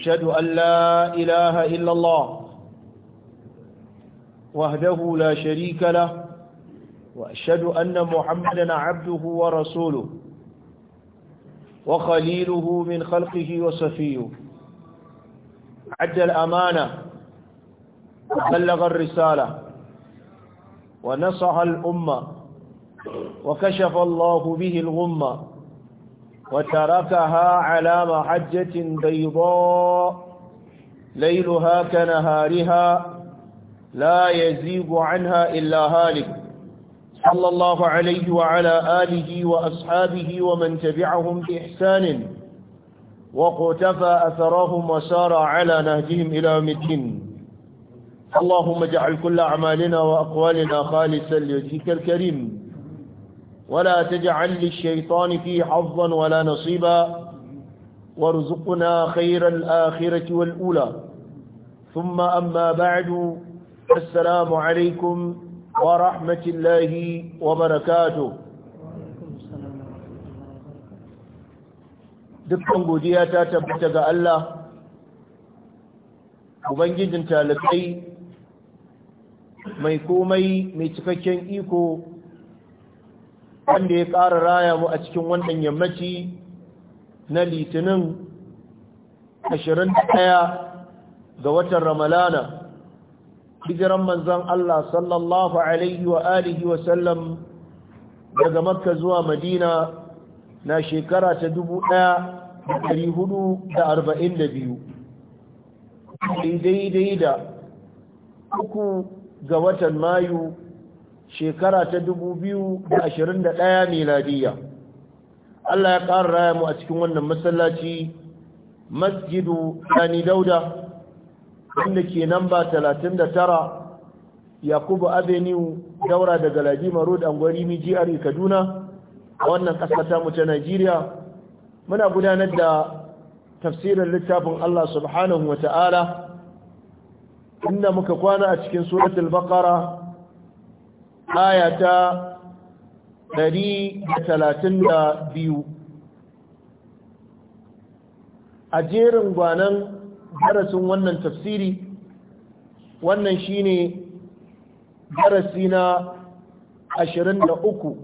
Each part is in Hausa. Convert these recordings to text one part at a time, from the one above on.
أشهد أن لا إله إلا الله وهده لا شريك له وأشهد أن محمدا عبده ورسوله وخليله من خلقه وصفيه عد الأمانة وبلغ الرسالة ونصح الأمة وكشف الله به الغمة وتركها على محجة بيضاء ليلها كنهارها لا يزيغ عنها إلا هالك صلى الله عليه وعلى آله وأصحابه ومن تبعهم بإحسان وقتفى أثرهم وسار على نهجهم إلى مدين اللهم اجعل كل أعمالنا وأقوالنا خالصا لوجهك الكريم ولا تجعل للشيطان في حظا ولا نصيبا وارزقنا خير الآخرة والأولى ثم أما بعد السلام عليكم ورحمة الله وبركاته dukkan godiya ta tabbata ga Allah ubangijin talakai mai komai mai cikakken iko wanda ya ƙara raya mu a cikin wannan yammaci na litinin 21 ga watan ramalana hijiran manzan Allah sallallahu alaihi wa alihi wa sallam daga makka zuwa madina na shekara ta 1442 daidai da uku ga watan mayu shekara ta 2021 miladiya Allah ya ƙara raya mu a cikin wannan masallaci masjidu Sani Dauda wanda ke namba 39 Yakubu Avenue daura daga Ladima Road Angwarimi Mijiyar e, Kaduna a wannan ƙasa tamu mu ta Najeriya muna gudanar da tafsirin littafin Allah subhanahu wa ta'ala inda muka kwana a cikin suratul baqara aya ta 132 a jerin gwanan darasin wannan tafsiri wannan shine darasi na 23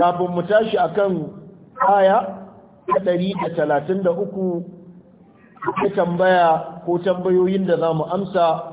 kafin mu tashi a kan aya ta uku, ta tambaya ko tambayoyin da za mu amsa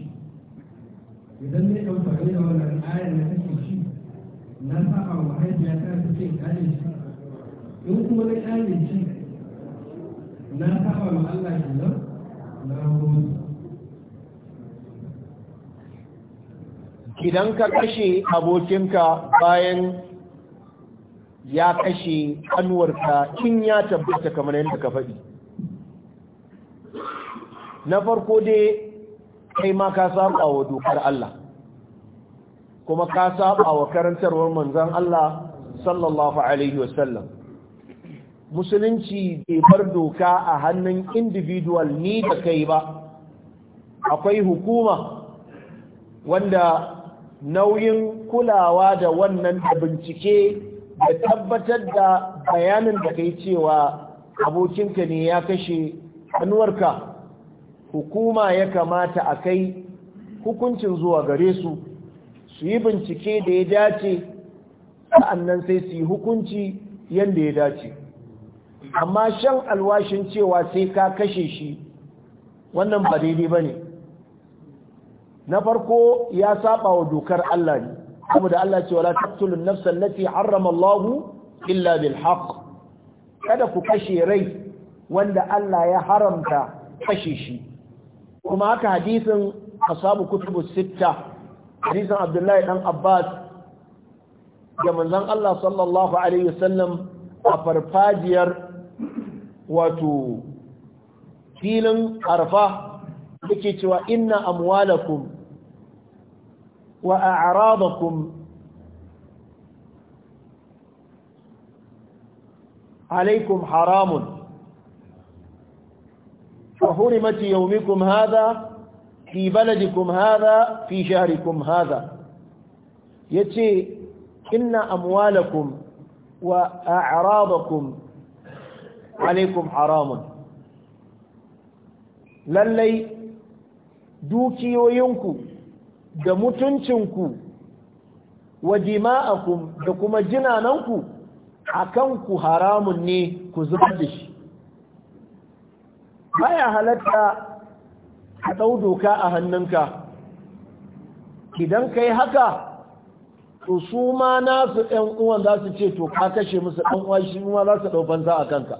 game da wannan ayar da ke shi na saba wa haifiya ta take kare shi in kuma na kare shi na saba wa Allah kenan na gode idan ka kashe abokinka bayan ya kashe kanuwarka in ya tabbata kamar yadda ka faɗi na farko dai kai ma ka a wa dokar Allah kuma ka saba wa karantarwar manzon Allah sallallahu alaihi wasallam musulunci bai bar doka a hannun individual ni da kai ba akwai hukuma wanda nauyin kulawa da wannan da bincike da tabbatar da bayanin da kai cewa abokinka ne ya kashe hannuwarka hukuma ya kamata a kai hukuncin zuwa gare su su yi bincike da ya dace sa'annan sai su yi hukunci yadda ya dace amma shan alwashin cewa sai ka kashe shi wannan ba daidai ba ne na farko ya saba wa dokar Allah ne da Allah ce wala taqtulun nafsan lati harrama Allah illa bil haqq kada ku kashe rai wanda Allah ya haramta kashe shi kuma haka hadisin asabu kutubus sittah hadisin abdullahi dan abbas ga manzon Allah sallallahu alaihi wasallam a farfajiyar wato filin arfa yake cewa inna amwalakum wa a'radakum haramun حرام وحرمت يومكم هذا fi baladikum hadha fi shahrikum hadha yace inna amwalakum wa a'radakum alaikum haramun lallai dukiyoyinku da mutuncinku wa jima'akum da kuma jinananku kan ku haramun ne ku zubar da shi baya halatta ka ɗau doka a hannunka idan ka yi haka to su ma nasu ɗan uwan za su ce to ka kashe musu ɗan uwa shi ma za su ɗau banza a kanka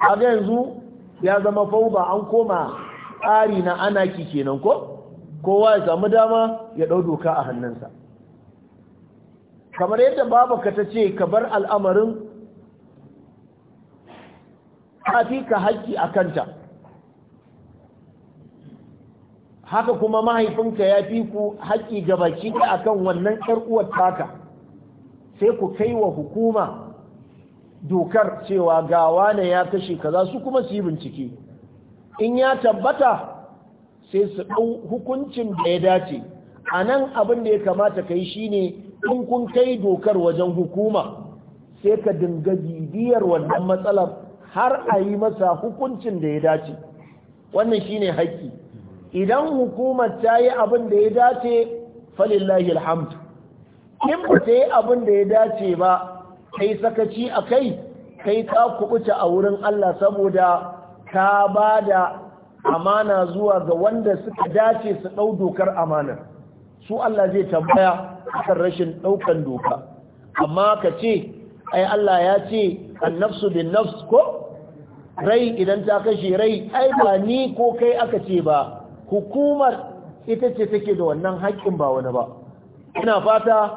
A ga yanzu ya zama ba an koma tsari na anaki kenan ko kowa ya samu dama ya ɗau doka a hannunsa kamar yadda babu ka ta ce ka bar al'amarin ka fi ka haƙƙi a kanta haka kuma mahaifinka ya fi ku haƙƙi gabaki a akan wannan 'yar uwar taka sai ku kai wa hukuma dokar cewa gawa ne ya kashe kaza su kuma su yi bincike in ya tabbata sai su ɗau hukuncin da ya dace a nan abin da ya kamata ka yi shine in kun kai dokar wajen hukuma sai ka dinga bibiyar wannan matsalar har a yi masa hukuncin da ya dace wannan shine haƙƙi idan hukumar ta yi abin da ya dace falillahi alhamdu in ba ta yi abin da ya dace ba kai sakaci a kai kai ka kubuta a wurin Allah saboda ka ba da amana zuwa ga wanda suka dace su ɗau dokar amanar su Allah zai tambaya akan rashin ɗaukan doka amma ka ce ai Allah ya ce nafsu bin nafs ko rai idan ta kashe rai ai ba ni ko kai aka ce ba hukumar ita ce take da wannan haƙƙin ba wani ba ina fata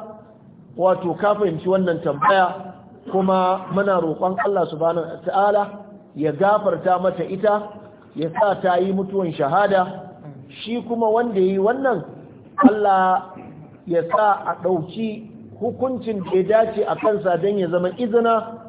wato ka fahimci wannan tambaya kuma muna roƙon Allah subhanahu ta'ala ya gafarta mata ita ya sa ta yi mutuwan shahada shi kuma wanda yi wannan Allah ya sa a ɗauki hukuncin da ya dace a kansa don ya zama izina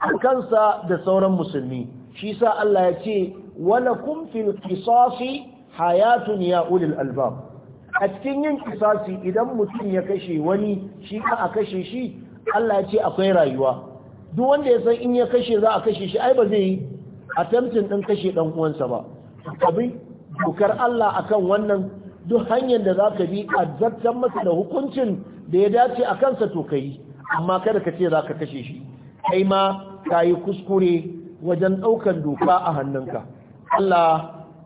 a kansa da sauran musulmi shi sa Allah ya ce wala kumfin fil hayatun ya ulil albab a cikin yin kisasi idan mutum ya kashe wani shi ka a kashe shi Allah ya ce akwai rayuwa duk wanda ya san in ya kashe za a kashe shi ai ba zai yi attempting din kashe dan uwansa ba abin dokar Allah akan wannan duk hanyar da za ka bi a zartan masa da hukuncin da ya dace a kansa to ka yi amma kada ka ce za ka kashe shi kai ma ka yi kuskure wajen ɗaukan doka a hannunka Allah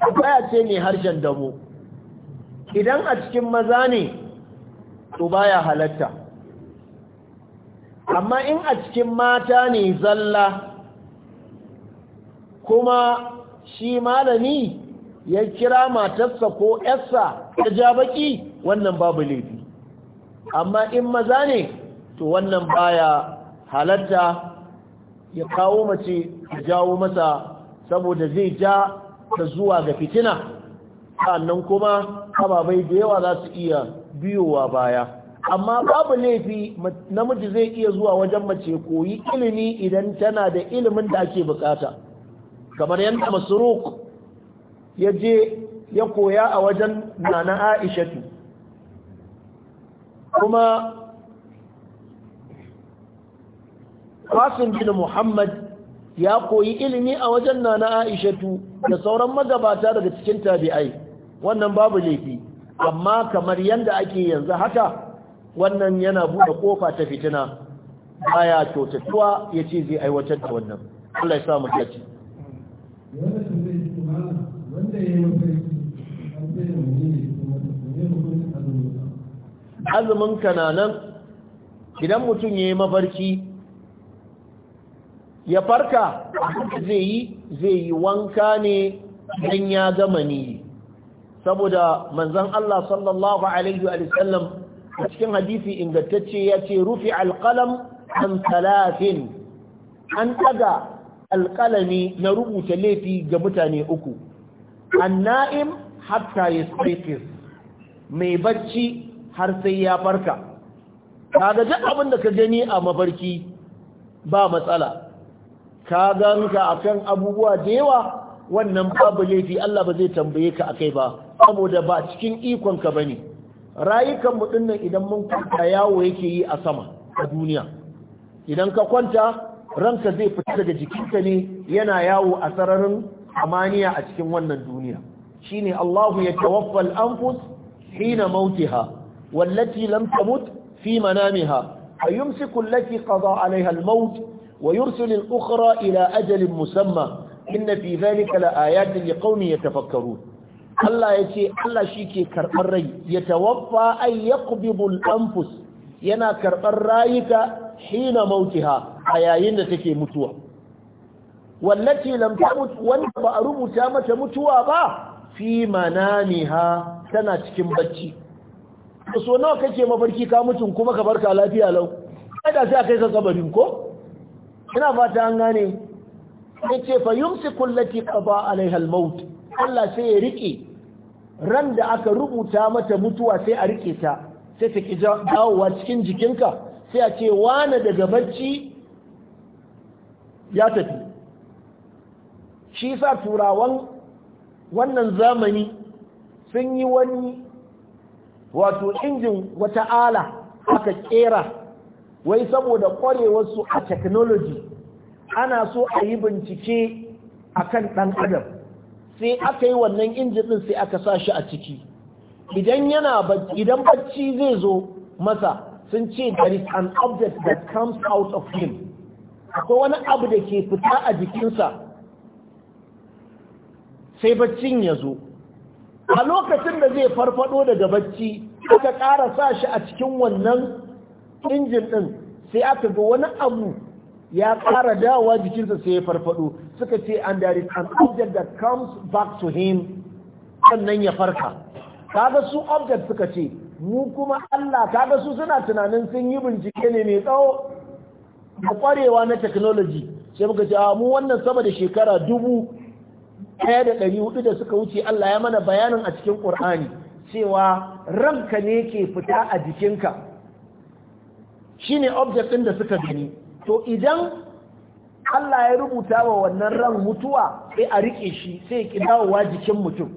baya ce mai harshen dabo idan a cikin maza ne to baya halatta amma in a cikin mata ne zalla kuma shi malami ya kira matarsa ko yarsa ta ja baki wannan babu laifi amma in maza ne to wannan baya halatta ya kawo mace ya jawo masa saboda zai ja ta zuwa ga fitina sannan kuma ababai da yawa za su iya biyowa baya amma babu laifi namiji zai iya zuwa wajen mace koyi ilimi idan tana da ilimin da ake bukata kamar yadda masruq ya je ya koya a wajen nana aishatu kuma qasim bin muhammad ya koyi ilimi a wajen nana aishatu da sauran magabata daga cikin tabi'ai wannan babu laifi amma kamar yanda ake yanzu haka wannan yana buɗe kofa ta fitina baya kyautatuwa ya ce zai aiwatar da wannan Allah ya sa mu dace azumin kananan idan mutum ya yi mafarki ya farka zai yi zai yi wanka ne don ya gama ni saboda manzon Allah sallallahu alaihi Wasallam a cikin hadisi ingantacce ya ce rufi alƙalam an talatin an ɗaga alƙalami na rubuta laifi ga mutane uku an na'im hatta ya tsaitis mai bacci har sai ya farka kaga duk abin da ka gani a mafarki ba matsala ka gano ka akan abubuwa da yawa wannan babu laifi Allah ba zai tambaye ka akai ba saboda ba cikin ikon ka bane rayukan mu dinnan idan mun kwanta yawo yake yi a sama a duniya idan ka kwanta ranka zai fita daga jikinka ne yana yawo a sararin amaniya a cikin wannan duniya shine Allahu ya tawaffa al-anfus hina mautiha wallati lam tamut fi manamiha ayumsiku allati qada alaiha al-maut ويرسل الأخرى إلى أجل مسمى إن في ذلك لآيات لقوم يتفكرون الله يتي الله شيكي كرقري يتوفى أن يقبض الأنفس ينا كرقرايك حين موتها حيائن تكي متوى والتي لم تمت وانت بأرب تامة متوى با في منامها تنا تكين بجي so nawa kake mafarki ka mutun kuma ka barka lafiya lau kada sai kai ka kabarin ko ina fata an gane ya ce fa yumsi allati qada alaiha al Allah sai ya riƙe ran da aka rubuta mata mutuwa sai a rike ta sai ta ki dawowa cikin jikinka sai a ce wane daga bacci ya tafi shi sa turawan wannan zamani sun yi wani wato injin wata ala aka ƙera. wai saboda ƙwarewarsu a technology ana so a yi bincike a kan ɗan adam sai aka yi wannan injin sai aka sa shi a ciki idan yana idan bacci zai zo masa sun ce there is an object that comes out of him akwai wani abu da ke fita a jikinsa sai baccin ya zo a lokacin da zai farfado daga bacci aka ƙara sa shi a cikin wannan injin ɗin sai aka ga wani abu ya ƙara dawowa jikinsa sai ya farfaɗo. suka ce an there an object that comes back to him sannan ya farka kaga su object suka ce mu kuma Allah kaga su suna tunanin sun yi bincike ne mai tsawo da ƙwarewa na technology sai muka ce ah, mu wannan sama da shekara dubu ɗaya da ɗari hudu da suka wuce Allah ya mana bayanin a cikin Qur'ani cewa ranka ne ke fita a jikinka shine object ɗin da suka gani to idan Allah ya rubuta wa wannan ran mutuwa sai a rike shi sai ki dawowa jikin mutum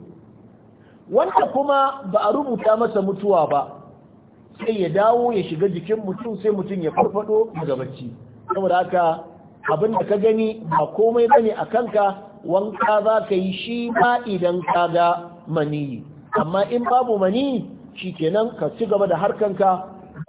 wanda kuma ba a rubuta masa mutuwa ba sai ya dawo ya shiga jikin mutum sai mutum ya farfado daga bacci saboda haka abin da ka gani ba komai bane a kanka wanka za ka yi shi ba idan ka ga maniyi amma in babu maniyi shikenan ka ci gaba da harkanka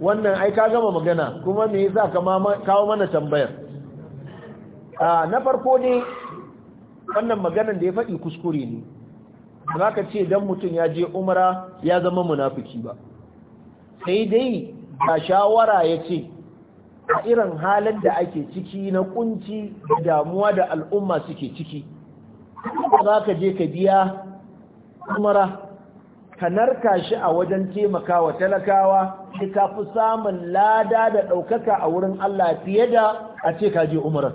wannan ai ka gama magana kuma me yasa ka kawo mana tambayar a na farko ne wannan maganar da ya faɗi kuskure ne ba ka ce dan mutum ya je umara ya zama munafiki ba sai dai ba shawara ya ce a irin halin da ake ciki na kunci da damuwa da al'umma suke ciki za ka je ka biya umara ka narka shi a wajen taimakawa talakawa shi ka fi samun lada da ɗaukaka a wurin Allah fiye da a ce ka je umarar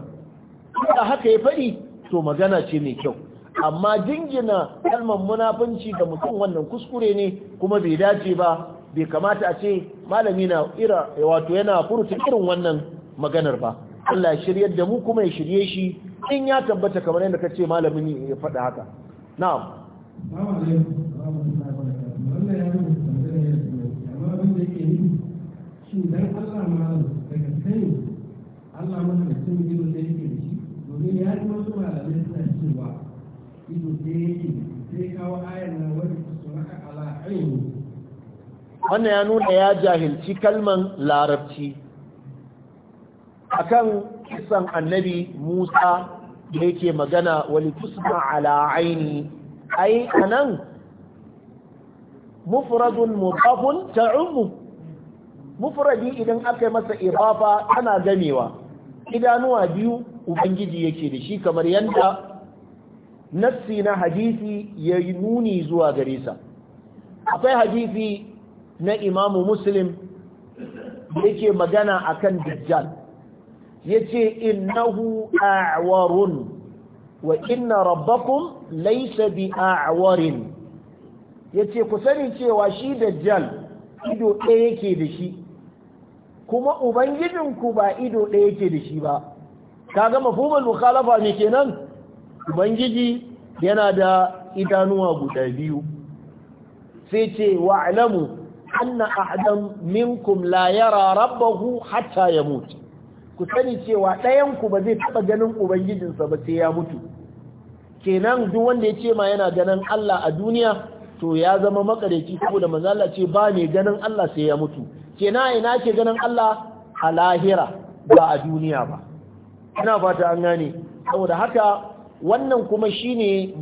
da haka ya faɗi to magana ce mai kyau amma jingina kalmar munafunci ga mutum wannan kuskure ne kuma bai dace ba bai kamata a ce malami na ira wato yana furta irin wannan maganar ba Allah ya shiryar da mu kuma ya shirye shi in ya tabbata kamar yadda ka kace malamin ya faɗa haka na'am Allah ya rubuta magana ya tsoro amma abin da yake yi shi dan Allah ma daga sani Allah ma da sun ido da yake da shi domin ya yi wasu malamai suna cewa ido da yake sai kawo ayar na wani sunaka ala ainihi wannan ya nuna ya jahilci kalman larabci akan kisan annabi Musa da yake magana wali kusma ala aini ai anan mufradun mudafun ta'ummu mufradi idan aka masa idafa tana gamewa idanuwa biyu ubangiji yake da shi kamar yanda nassi na hadisi ya yi nuni zuwa gare sa akwai hadisi na imamu muslim yake magana akan dajjal yace innahu a'warun wa inna rabbakum laysa bi a'warin ya ce ku sani cewa shi da jal ido ɗaya yake da shi kuma ubangijinku ba ido ɗaya yake da shi ba ka gama fuman mukhalafa ne kenan ubangiji yana da idanuwa guda biyu sai ce wa alamu anna ahadan minkum la yara rabbahu hatta ya mutu ku sani cewa ɗayanku ba zai taɓa ganin ubangijinsa ba sai ya mutu kenan duk wanda ya ce ma yana ganin Allah a duniya to ya zama makareci saboda manzo Allah ce ba ne ganin Allah sai ya mutu Ke na ina ke ganin Allah a lahira ba a duniya ba ina fata an gane saboda haka wannan kuma shine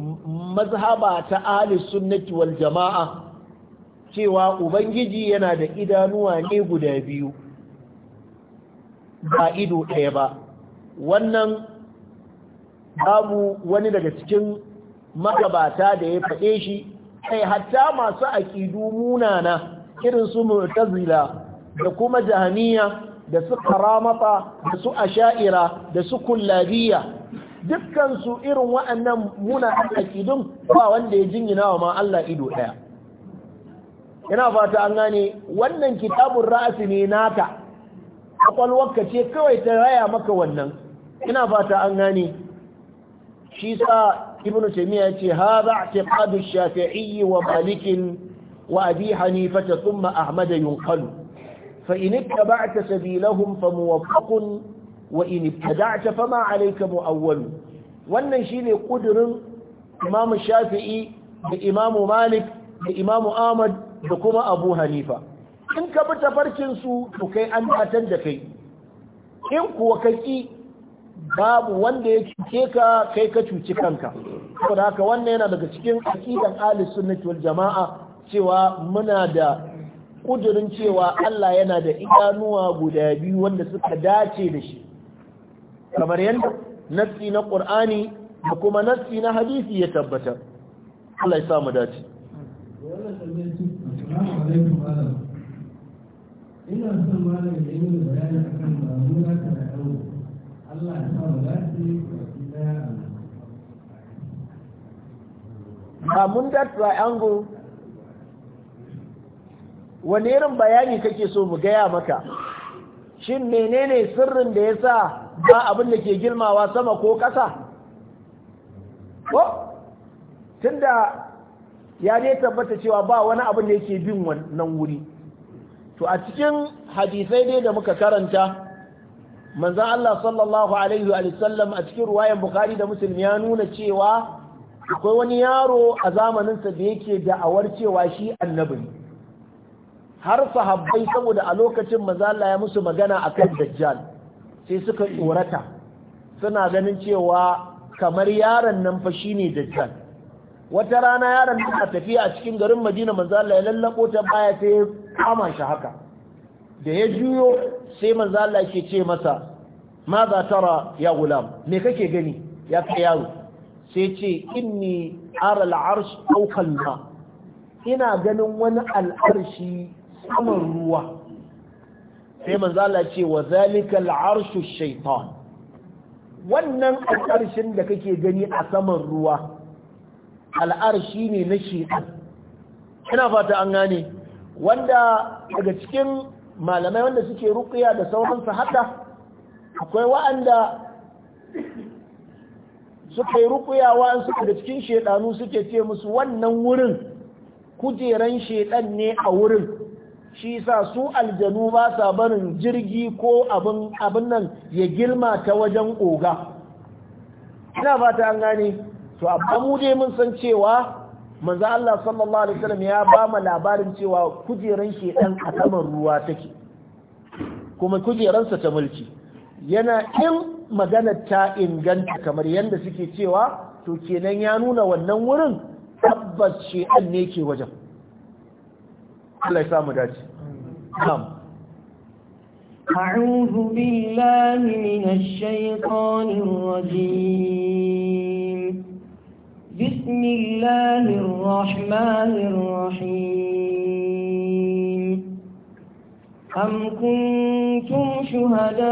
mazhaba ta ahli sunnati wal jamaa cewa ubangiji yana da idanuwa ne guda biyu ba ido ɗaya ba wannan babu wani daga cikin magabata da ya faɗe shi kai hatta masu aƙidu munana irin su mu'tazila da kuma jahaniya da su karamata da su asha'ira da su kullabiya dukkan su irin wa'annan muna aƙidun ba wanda ya jingina wa ma Allah ido ɗaya ina fata an gane wannan kitabun ra'asi ne naka kwakwalwarka ce kawai ta raya maka wannan ina fata an gane shi sa ibnu taymiya yace hadha i'tiqadu ash-shafi'i wa malik wa abi hanifa thumma ahmad yunqalu fa in ittaba'ta sabilahum famuwaffaqun wa in ibtada'ta fama 'alayka mu'awwal wannan shine kudurin Imam shafi'i da imamu malik da imamu ahmad da kuma abu hanifa in ka bi tafarkin su to kai an datar da kai in kuwa ka babu wanda ya cuce ka kai ka cuci kanka saboda haka wannan yana daga cikin aqidan Ali sunnati wal jama'a cewa muna da kudurin cewa Allah yana da idanuwa guda biyu wanda suka dace da shi kamar yadda nassi na Qur'ani da kuma nassi na hadisi ya tabbatar Allah ya sa mu dace ina son malamin da bayani akan ta Allah ya kamun da wani irin bayani kake so mu gaya maka shin menene sirrin da ya sa ba abin da ke girmawa sama ko ƙasa ko da ya ne tabbata cewa ba wani abin da yake bin wannan wuri to a cikin hadisai dai da muka karanta manzon Allah sallallahu alaihi wa sallam a cikin ruwayan Bukhari da Muslim ya nuna cewa akwai wani yaro a zamanin sa da yake da'awar cewa shi annabi har sahabbai saboda a lokacin manzon Allah ya musu magana akan dajjal sai suka tsorata suna ganin cewa kamar yaron nan fa shine dajjal wata rana yaron nan a tafiya a cikin garin Madina manzon Allah ya lallabo ta baya sai kama shi haka da ya juyo sai Manzala ke ce masa ma za tara ya gulam me kake gani ya kai yaro sai ce inni ara al'arsh fawqa ma ina ganin wani al'arshi saman ruwa sai Manzala ce wa zalika al'arshu shaytan wannan al'arshin da kake gani a saman ruwa al'arshi ne na shaytan ina fata an gane wanda daga cikin malamai wanda suke rukuya da sauransu haka akwai wa'anda suke yi rukiya wa'ansu da cikin shedanu suke ce musu wannan wurin kujeran shedan ne a wurin shi sa su aljanu ba sa barin jirgi ko abin nan ya girma ta wajen oga ina fata an gane to amma mu dai mun san cewa manzo Allah sallallahu alaihi wasallam ya ba mu labarin cewa kujeran shedan a saman ruwa take kuma kujeransa ta mulki yana in magana ta inganta kamar yadda suke cewa to kenan ya nuna wannan wurin tabbas shedan ne ke wajen Allah ya samu dace na'am أعوذ بالله من الشيطان الرجيم بسم الله الرحمن الرحيم أم كنتم شهداء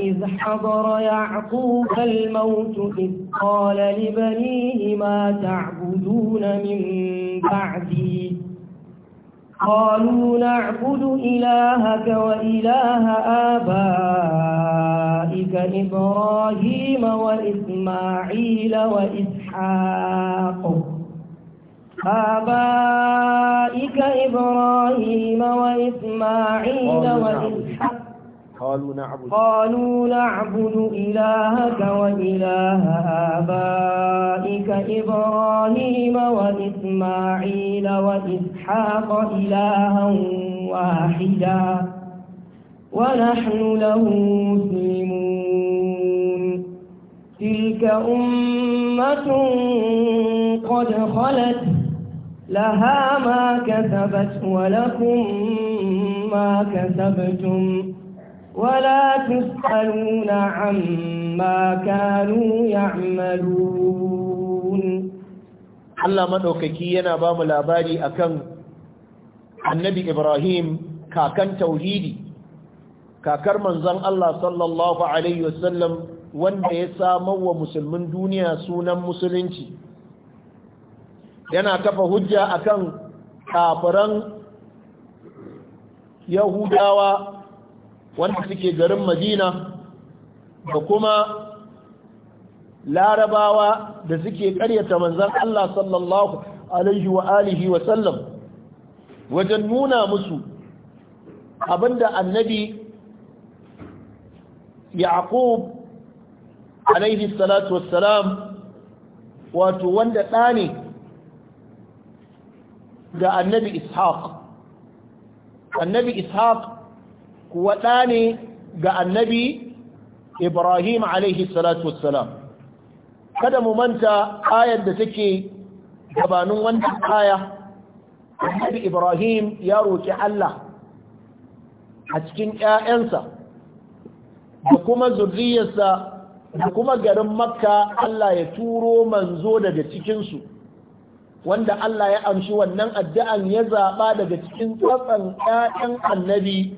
إذ حضر يعقوب الموت إذ قال لبنيه ما تعبدون من بعدي قالوا نعبد إلهك وإله آبائك إبراهيم وإسماعيل وإسحاق آبائك إبراهيم وإسماعيل وإسحاق قالوا نعبد قالوا نعبد إلهك وإله آبائك إبراهيم وإسماعيل وإسحاق إلها واحدا ونحن له مسلمون تلك أمة قد خلت لها ما كسبت ولكم ما كسبتم ولا تسألون عما كانوا يعملون Allah madaukaki yana ba mu labari kan Annabi Ibrahim kakan tauhidi kakar manzon Allah sallallahu wanda ya samar wa musulmin duniya sunan musulunci yana kafa hujja akan kafiran Yahudawa wanda suke garin madina da kuma larabawa da suke karyata manzan Allah sallallahu alaihi wa alihi wa sallam wajen nuna musu abinda annabi yaqub alaihi salatu wassalam wato wanda ɗa ne ga annabi ishaq annabi ishaq kuwa ne ga annabi ibrahim alaihi kada mu manta ayar da take gabanin wannan aya annabi ibrahim ya roƙi allah a cikin 'ya'yansa da kuma zurriyarsa da kuma garin makka allah ya turo manzo daga cikinsu wanda allah ya amshi wannan addu'an ya zaɓa daga cikin tsatsan 'ya'yan annabi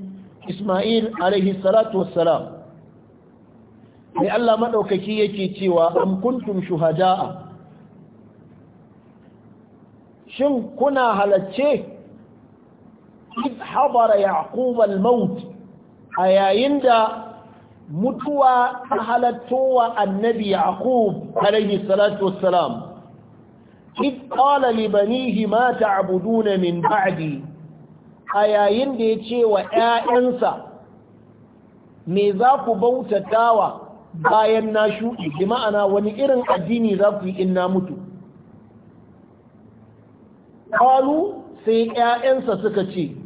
Ismail alaihi salatu wassalam sai Allah madaukaki yake cewa am kuntum shuhada'a shin kuna halacce id habara yaqub al-maut a yayin da mutuwa ta wa annabi yaqub alaihi salatu wassalam id qala li banihi ma ta'buduna min ba'di a yayin da ya ce wa ‘ya'yansa me za ku wa bayan na shuɗi bi ma'ana wani irin addini za ku yi in na mutu kalu sai ‘ya'yansa suka ce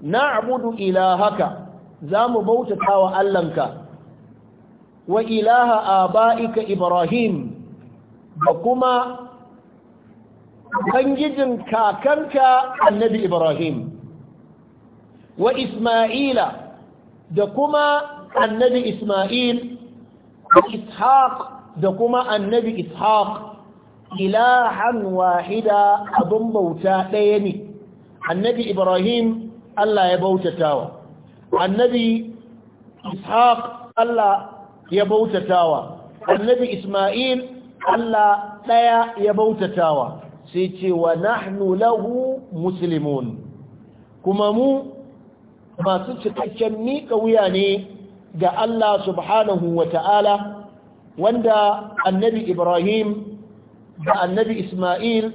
na abudu ilahaka za mu wa Allahnka wa ilaha ba'ika Ibrahim da kuma bangijin kakanka annabi Ibrahim wa isma'ila da kuma annabi isma'il wa ishaq da kuma annabi ishaq ilahan wahida abin bauta ɗaya ne annabi ibrahim Allah ya bautatawa annabi ishaq Allah ya bautatawa annabi isma'il Allah ɗaya ya bautatawa sai ce wa nahnu lahu muslimun kuma mu masu cikakken miƙa wuya ne ga Allah subhanahu wa ta'ala wanda annabi Ibrahim da annabi Ismail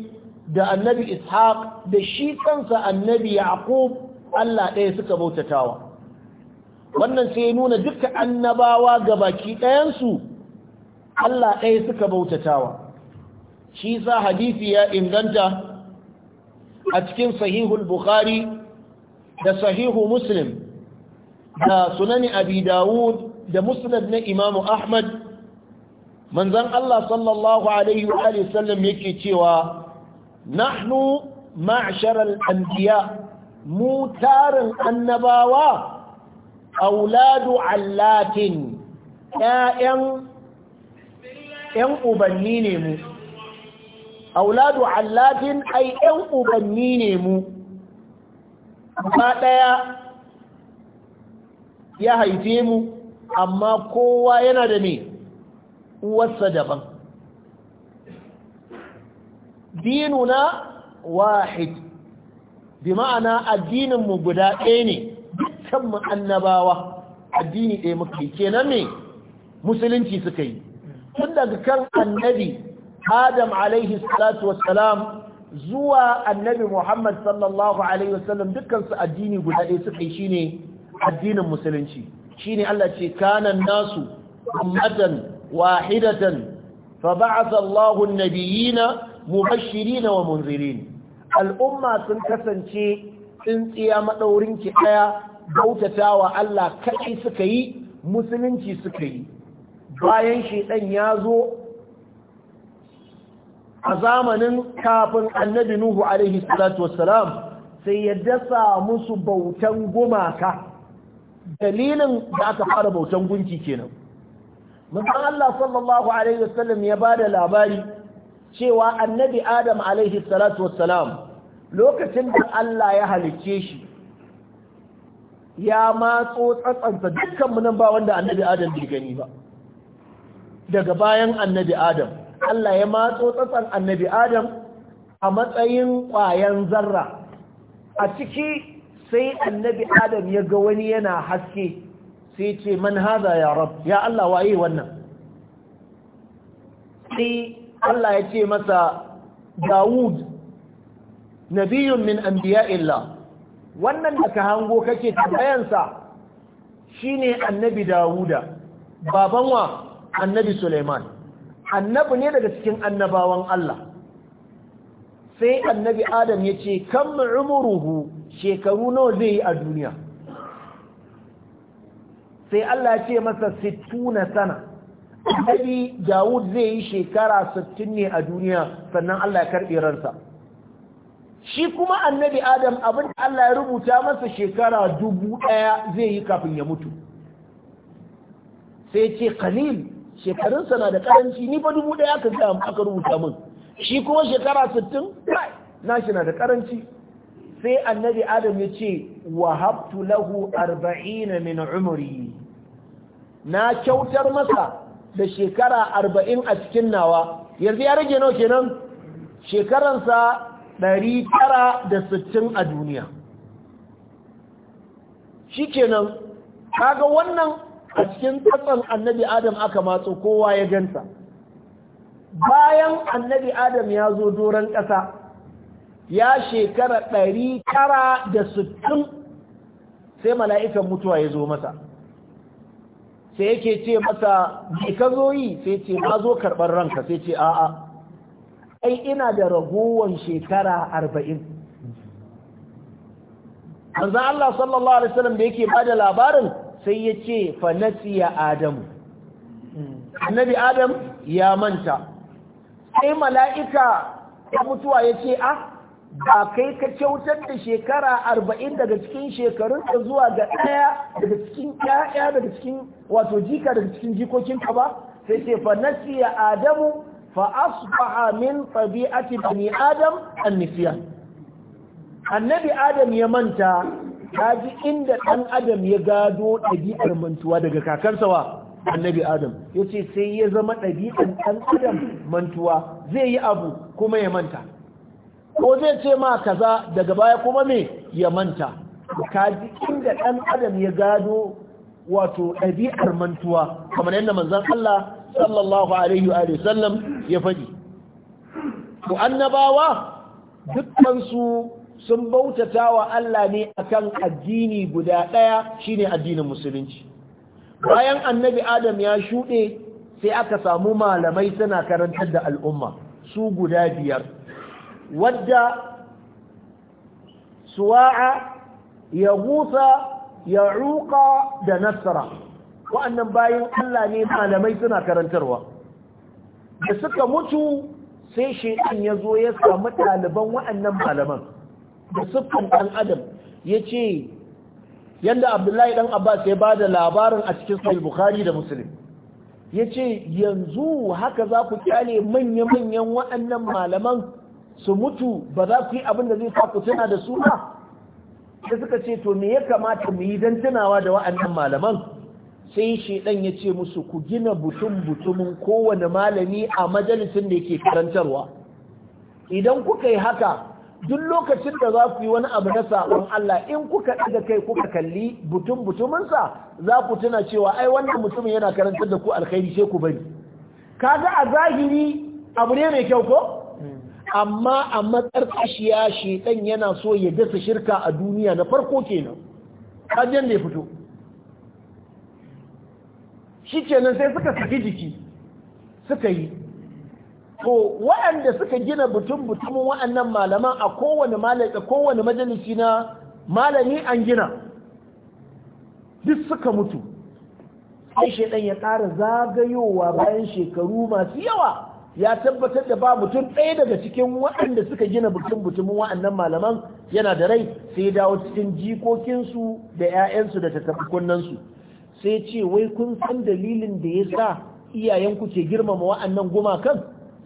da annabi Ishaq da shi kansa annabi Yaqub Allah ɗaya suka bautatawa wannan sai nuna duka annabawa ga baki ɗayansu Allah ɗaya suka bautatawa shi sa hadisi ya inganta a cikin sahihul Bukhari da sahihu muslim da sunani abi dawud da musnad na imamu ahmad manzan Allah sallallahu alaihi wa sallam yake cewa nahnu ma'sharal anbiya mu tarin annabawa auladu allatin ƴaƴan ƴan ubanni ne mu auladu allatin ai ƴan ubanni ne mu amma ɗaya ya haife mu amma kowa yana da me uwarsa daban dinuna wahid bi ma'ana addininmu guda ɗaya ne dukkanmu annabawa addini ɗaya muke. kenan ne musulunci suka yi tun daga kan annabi adam alaihi salatu wassalam zuwa annabi Muhammad sallallahu alaihi wasallam dukkan su addini guda ɗaya suka yi shine addinin musulunci shine Allah ce kana nasu ummatan wahidatan fa ba'atha Allahu an-nabiyina mubashirin wa munzirin al'umma sun kasance tsintsiya madaurin ki daya bautatawa Allah kai suka yi musulunci suka yi bayan shedan ya zo a zamanin kafin annabi nuhu alaihi salatu wassalam sai ya dasa musu bautan gumaka dalilin da aka fara bautan gunki kenan musan Allah sallallahu alaihi wasallam ya bada labari cewa annabi adam alaihi salatu wassalam lokacin da Allah ya halicce shi ya matso tsatsansa dukkan munan ba wanda annabi adam bai gani ba daga bayan annabi adam Allah ya matso tsatsan annabi Adam a matsayin ƙwayan zarra a ciki sai annabi Adam ya ga wani yana haske sai ce man haza ya rab ya Allah waye wannan sai Allah ya ce masa Dawud nabiyun min anbiya'illah wannan da ka hango kake tambayansa shine annabi Dawuda baban wa annabi Sulaiman annabi ne daga cikin annabawan Allah sai annabi adam ya ce mu umuruhu shekaru nawa zai yi a duniya sai Allah ce masa sittuna sana annabi Dawud zai yi shekara 60 ne a duniya sannan Allah ya karbe ransa shi kuma annabi Adam abin da Allah ya rubuta masa shekara dubu ɗaya zai yi kafin ya mutu sai ce qalil shekarunsa na da karanci ni fa dubu daya aka ga aka rubuta min shi kuma shekara sittin nashi na da karanci sai annabi adam ya ce wahabtu lahu arba'ina min umri na kyautar masa da shekara arba'in a cikin nawa yanzu ya rage nawa kenan shekaransa ɗari tara da sittin a duniya shi kenan kaga wannan a cikin tsatsan annabi adam aka matso kowa ya ganta bayan annabi adam ya zo doron ƙasa ya shekara ɗari tara da sittin sai mala'ikan mutuwa ya zo masa sai yake ce masa mai ka zo yi sai ce ma zo karɓar ranka sai ce a'a ai ina da ragowar shekara arba'in manzan Allah sallallahu Alaihi wasallam da yake bada labarin sai ya ce fa nasiya adamu annabi adam ya manta sai mala'ika ya mutuwa ya ce ah ba kai ka kyautar da shekara arba'in daga cikin shekarun da zuwa ga ɗaya daga cikin ƴaƴa daga cikin wato jika daga cikin jikokinka ba sai ce fa nasiya adamu fa asbaha min tabi'ati bani adam an annabi adam ya manta ka ji inda ɗan adam ya gado ɗabi'ar mantuwa daga kakansa wa annabi adam ya ce sai ya zama ɗabi'ar ɗan adam mantuwa zai yi abu kuma ya manta ko zai ce ma kaza daga baya kuma me ya manta ka ji inda ɗan adam ya gado wato ɗabi'ar mantuwa kamar yadda manzon Allah sallallahu alaihi wa sallam ya faɗi to annabawa dukkan sun bautata wa Allah ne akan addini guda ɗaya shine addinin musulunci bayan annabi adam ya shuɗe sai aka samu malamai suna karantar da al'umma su guda biyar wadda suwa'a ya gusa ya ruka da nasara wa'annan bayan Allah ne malamai suna karantarwa da suka mutu sai shaidan ya zo ya samu ɗaliban wa'annan malaman da sukan ɗan adam ya ce yadda abdullahi ɗan abbas ya ba da labarin a cikin sahih bukhari da muslim ya ce yanzu haka za ku kyale manya-manyan waɗannan malaman su mutu ba za ku yi abin da zai sa ku tuna da su ba ya suka ce to me ya kamata mu yi don tunawa da waɗannan malaman sai shi ɗan ya ce musu ku gina butun butumin kowane malami a majalisin da yake karantarwa idan kuka yi haka duk lokacin da za ku yi wani abu na sabon Allah in kuka ɗaga kai kuka kalli butun butuminsa za ku tuna cewa ai wannan mutumin yana karantar da ku alkhairi sai ku bari kaga a zahiri abu ne mai kyau ko amma a matsar kashiya shedan yana so ya dasa shirka a duniya na farko kenan kajen da ya fito shi kenan sai suka saki jiki suka yi to waɗanda suka gina butun butumin waɗannan malaman a kowane malaka kowane majalisi na malami an gina duk suka mutu sai shaidan ya ƙara zagayowa bayan shekaru masu yawa ya tabbatar da ba mutum ɗaya daga cikin waɗanda suka gina butun butumin waɗannan malaman yana da rai sai ya dawo cikin jikokinsu da 'ya'yansu da tattabakunansu sai ce wai kun san dalilin da ya sa iyayenku ke girmama waɗannan gumakan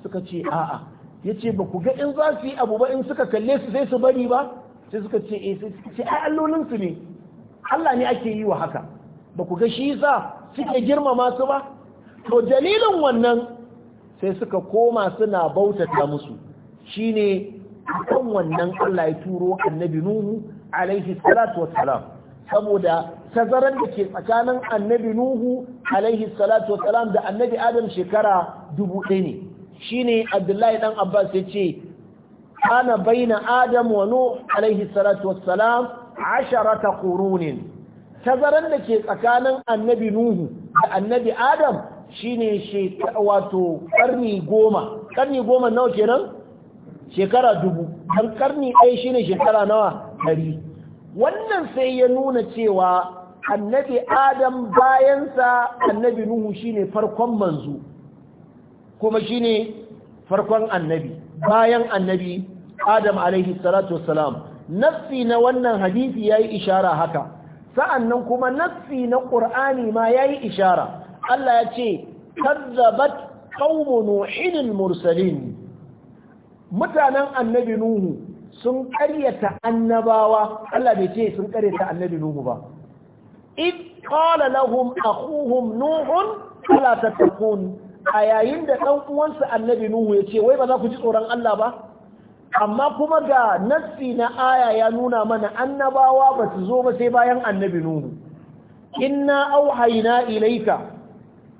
suka ce a'a ya ce ba ku ga in za su yi abu ba in suka kalle su sai su bari ba sai suka ce eh sai suka ce ai allolin ne Allah ne ake yi wa haka ba ku ga shi yasa suke girmama su ba to dalilin wannan sai suka koma suna bautata musu shine kan wannan Allah ya turo annabi Nuhu alaihi salatu wassalam saboda tazaran da ke tsakanin annabi Nuhu alaihi salatu wassalam da annabi Adam shekara dubu ɗaya ne shine abdullahi dan abbas ya ce ana baina adam wa nu alaihi salatu wassalam asharata qurunin tazaran da ke tsakanin annabi nuhu da annabi adam shine wato karni goma karni goma nawa kenan shekara dubu dan karni ɗaya shine shekara nawa ɗari wannan sai ya nuna cewa annabi adam bayansa annabi nuhu shine farkon manzo kuma shine farkon annabi bayan annabi adam alaihi salatu wassalam nassi na wannan hadisi yayi ishara haka sa'annan kuma nassi na ƙur'ani ma yayi ishara Allah ya ce kazzabat qaum nuhin mursalin mutanen annabi nuhu sun karyata annabawa Allah bai ce sun karyata annabi nuhu ba id qala lahum akhuhum nuhun ala tattaqun a yayin da ɗan uwansa annabi nuhu ya ce wai ba za ku ji tsoron Allah ba amma kuma ga nassi na aya ya nuna mana annabawa ba su zo ba sai bayan annabi nuhu inna auhayna ilaika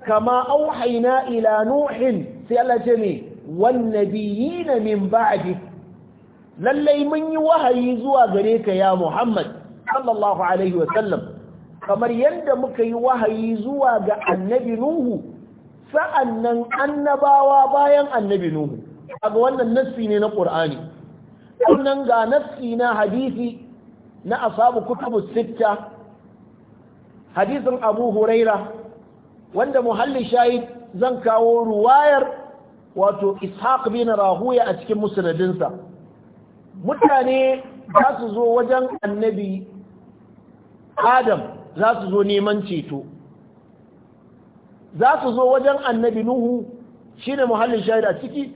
kama auhayna ila nuhin sai Allah ce ne wan nabiyina min ba'di lallai mun yi wahayi zuwa gare ka ya Muhammad sallallahu alaihi wa sallam kamar yadda muka yi wahayi zuwa ga annabi nuhu sa'annan annabawa bayan annabi nuhu kaga wannan nassi ne na ƙur'ani. sannan ga nassi na hadisi na asabu kutubu sitta hadisin abu huraira wanda muhalli shahid zan kawo ruwayar wato ishaq bin rahuya a cikin musnadinsa mutane za su zo wajen annabi adam za su zo neman ceto za su zo wajen annabi nuhu ne muhallin shahida ciki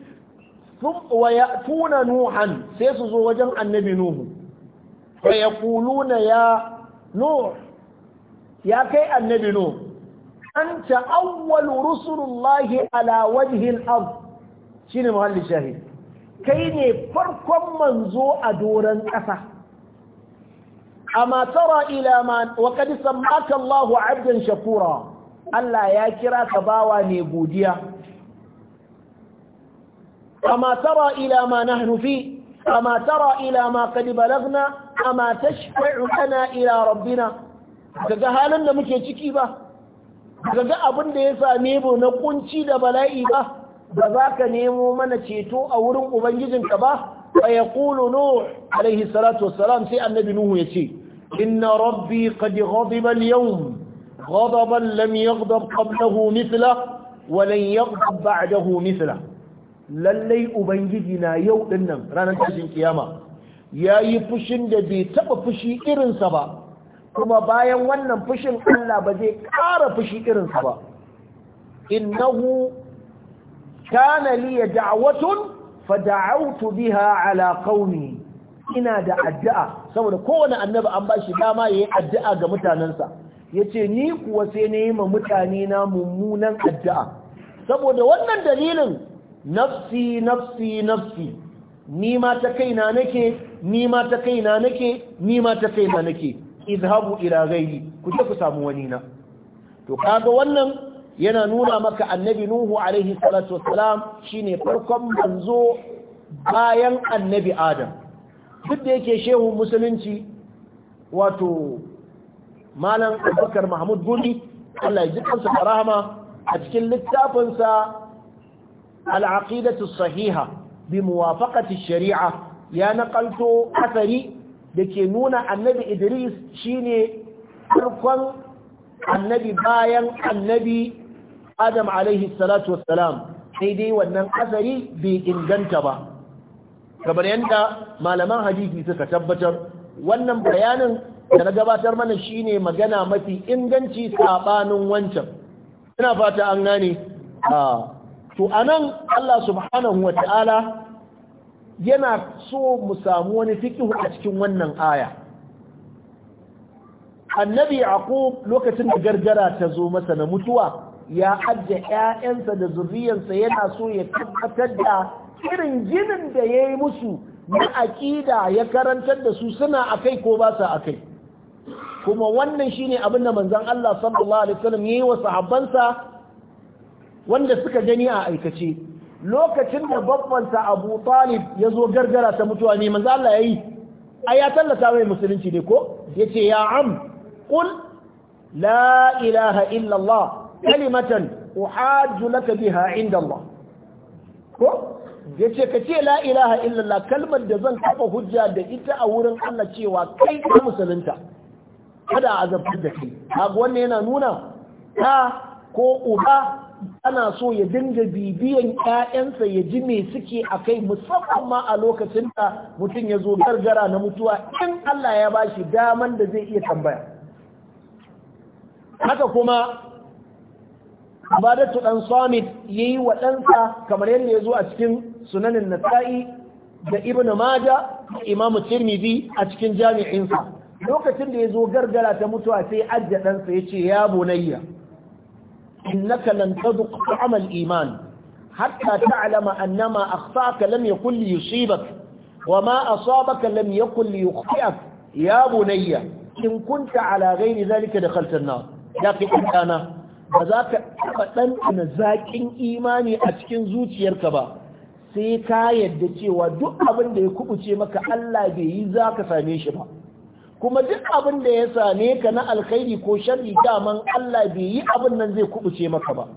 wa ya'tuna nuhan sai su zo wajen annabi nuhu fa yaquluna ya nuh ya kai annabi nuh anta awwal rusulullahi ala wajhi al-ard shine muhallin shahid kai ne farkon manzo a doran ƙasa amma tara ila man wa qad sammaka Allahu 'abdan shakura Allah ya kira ka bawa ne godiya kama tara ila ma nahnu fi kama tara ila ma qad balagna kama tashfa'u lana ila rabbina kaga halin da muke ciki ba kaga abin da ya same mu na kunci da bala'i ba ba za ka nemo mana ceto a wurin ubangijinka ba فيقول نوح عليه sai annabi سي ya ce. Inna rabbi ربي قد غضب اليوم غضبا لم يغضب قبله مثله ولن يغضب بعده مثله lallai ubangiji na yau din ranar tashin kiyama yayi fushin da bai taba fushi irinsa ba kuma bayan wannan fushin Allah ba zai ƙara fushi irinsa ba innahu kana li da'watun fada'awtu biha ala ina da addu'a saboda kowane annabi an ba shi dama yayi addu'a ga mutanansa Ya ce ni kuwa sai na yi ma mutane na mummunan addu'a saboda wannan dalilin nafsi nafsi nafsi ni ma ta kaina nake ni ma ta kaina nake ni ma ta kaina nake izhabu ila ghairi ku je ku samu wani na to kaga wannan yana nuna maka annabi nuhu alaihi salatu wassalam shine farkon manzo bayan annabi adam duk da yake shehu musulunci wato malam abubakar mahmud gumi allah ya ji kansa da rahama a cikin littafinsa al'aqidatu sahiha bi muwafaqati shari'a ya nakalto asari da ke nuna annabi idris shine farkon annabi bayan annabi adam alaihi salatu wassalam sai dai wannan asari bai inganta ba kamar yadda malaman hadisi suka tabbatar wannan bayanin da na gabatar mana shine magana mafi inganci sabanin wancan ina fata an gane to anan Allah subhanahu wataala yana so mu samu wani fikihu a cikin wannan aya annabi yaqub lokacin da gargara ta zo masa na mutuwa ya ajiye 'ya'yansa da zuriyarsa yana so ya tabbatar da irin jinin da ya yi musu na aƙida ya karantar da su suna akai ko ba sa akai kuma wannan shine abin da manzon Allah sallallahu alaihi wasallam yayi wa sahabbansa wanda suka gani a aikace lokacin da babbansa Abu Talib ya zo gargara ta mutuwa ne manzon Allah yayi ai ya tallata mai musulunci ne ko yace ya am qul la ilaha illa Allah kalimatan uhajju laka biha inda Allah ko ya ce ka ce la ilaha illallah kalmar da zan kafa hujja da ita a wurin Allah cewa kai ka musulunta kada a azabtar da kai wannan yana nuna ta ko uba ana so ya dinga bibiyan 'ya'yansa ya ji me suke a kai musamman ma a lokacin da mutum ya zo gargara na mutuwa in Allah ya ba shi daman da zai iya tambaya haka kuma abadatu dan samit yayi wa ɗansa kamar yadda ya zo a cikin sunanin nasa'i da Ibn maja da imamu tirmidhi a cikin jami'insa lokacin da ya zo gargara ta mutuwa sai ajja ɗansa ya ce ya bunayya innaka lan tazuq ta'am iman hatta ta'lama annama akhtaka lam yakun li yusibak wa ma asabaka lam yakun li yukhti'ak ya bunayya in kunta ala ghairi zalika dakhalta an-nar ya fi kana ba za ka taɓa ɗanɗana zaƙin imani a cikin zuciyarka ba sai ka yadda cewa duk abin da ya kubuce maka Allah bai yi za ka same shi ba kuma duk abin da ya same ka na alkhairi ko sharri daman Allah bai yi abin nan zai kubuce maka ba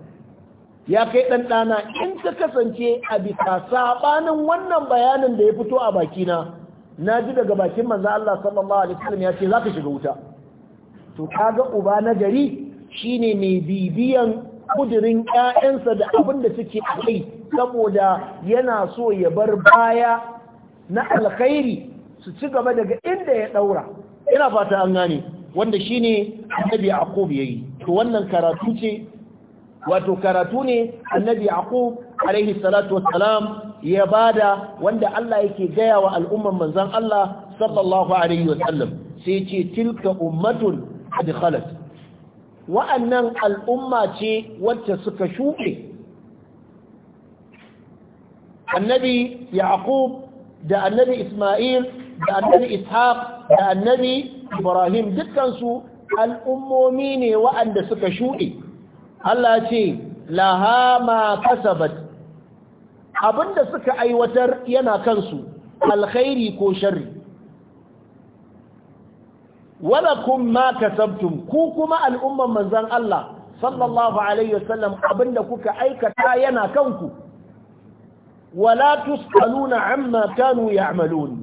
ya kai dan dana in ka kasance a bisa sabanin wannan bayanin da ya fito a bakina na ji daga bakin manzo Allah sallallahu alaihi wasallam ya ce zaka shiga wuta to kaga uba na gari shine mai bibiyan kudirin ƴaƴansa da abin da suke kai saboda yana so ya bar baya na alkhairi su ci gaba daga inda ya daura ina fata an gane wanda shine annabi yaqub yayi to wannan karatu ce wato karatu ne annabi yaqub alaihi salatu wassalam ya bada wanda Allah yake gaya wa al'umman manzon Allah sallallahu alaihi wasallam sai ce tilka ummatun qad khalat wa'annan al'umma ce wacce suka shuke annabi yaqub da annabi isma'il da annabi ishaq da annabi ibrahim dukkansu al'ummomi ne wa'anda suka shuɗe Allah ce laha ma kasabat abinda suka aiwatar yana kansu alkhairi ko sharri kun ma kasabtum ku kuma al'umman manzan Allah sallallahu alaihi wasallam abinda kuka aikata yana kanku wala tusaluna amma kanu ni.